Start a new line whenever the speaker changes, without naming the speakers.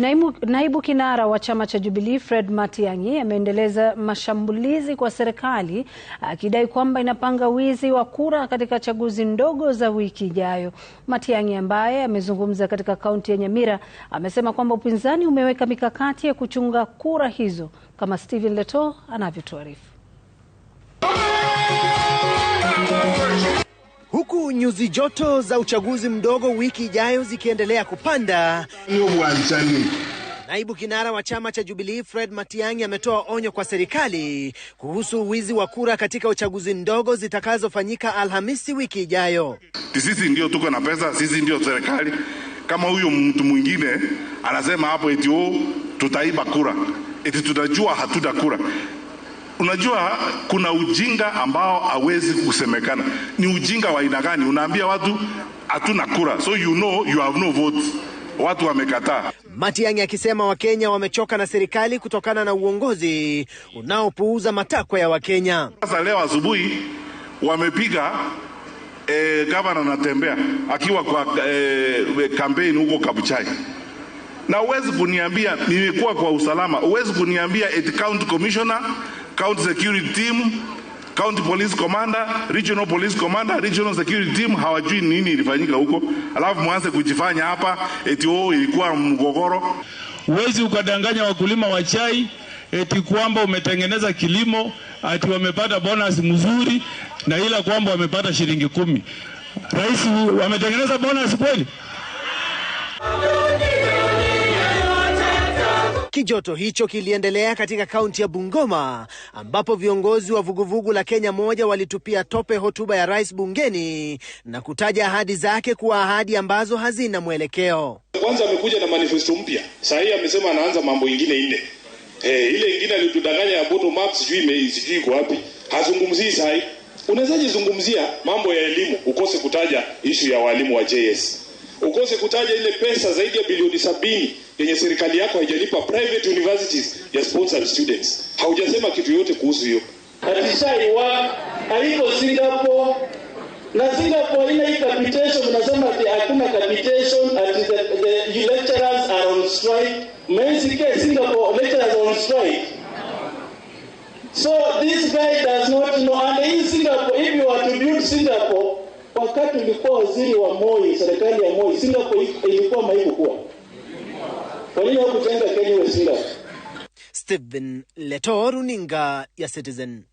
Naibu, naibu kinara wa chama cha Jubilee Fred Matiang'i ameendeleza mashambulizi kwa serikali akidai kwamba inapanga wizi wa kura katika chaguzi ndogo za wiki ijayo. Matiang'i ambaye amezungumza katika kaunti ya Nyamira amesema kwamba upinzani umeweka mikakati ya kuchunga kura hizo kama Stephen Leto anavyotuarifu.
nyuzi joto za uchaguzi mdogo wiki ijayo zikiendelea kupanda,
naibu kinara wa chama cha Jubilee Fred Matiang'i ametoa onyo kwa serikali kuhusu wizi wa kura katika uchaguzi ndogo zitakazofanyika Alhamisi wiki ijayo.
Sisi ndio tuko na pesa, sisi ndio serikali. Kama huyo mtu mwingine anasema hapo eti oh, tutaiba kura, eti tutajua hatuta kura Unajua kuna ujinga ambao hawezi kusemekana. Ni ujinga wa aina gani? Unaambia watu hatuna kura, so you know you have no vote. Watu wamekataa.
Matiang'i akisema Wakenya wamechoka na serikali kutokana na uongozi unaopuuza matakwa ya Wakenya.
Sasa leo asubuhi wamepiga eh, gavana anatembea akiwa kwa eh, kampeni huko Kabuchai na huwezi kuniambia nimekuwa kwa usalama, huwezi kuniambia eti county commissioner county security team, county police commander, regional police commander, regional security team hawajui nini ilifanyika huko, alafu mwanze kujifanya hapa eti oo, oh, ilikuwa mgogoro. Huwezi ukadanganya wakulima wa chai eti kwamba umetengeneza kilimo ati wamepata bonus mzuri na ila kwamba wamepata shilingi kumi. Rais, wametengeneza bonus kweli?
Kijoto hicho kiliendelea katika kaunti ya Bungoma ambapo viongozi wa vuguvugu la Kenya moja walitupia tope hotuba ya rais bungeni na kutaja ahadi zake kuwa ahadi ambazo hazina mwelekeo.
Kwanza amekuja na manifesto mpya, saa hii amesema anaanza mambo ingine nne. Eh, ile ingine alitudanganya ya bottom up, sijui sijui iko wapi, hazungumzii saa hii. Unawezaje zungumzia mambo ya elimu ukose kutaja ishu ya walimu wa JS? ukose kutaja ile pesa zaidi ya bilioni sabini yenye serikali yako haijalipa private universities ya sponsored students. Haujasema kitu yote kuhusu hiyo.
Atishai wa aliko Singapore na Singapore ina hii capitation, mnasema ati hakuna capitation, ati the, the lecturers are on strike. Mensike Singapore lecturers on strike. So this guy does not know and in Singapore if you are to build Singapore wakati ulikuwa waziri wa Moi, serikali ya Moi, Singapore ilikuwa maikukuwa kwa nini hakujenga Kenya?
Stephen Leto, runinga ya Citizen.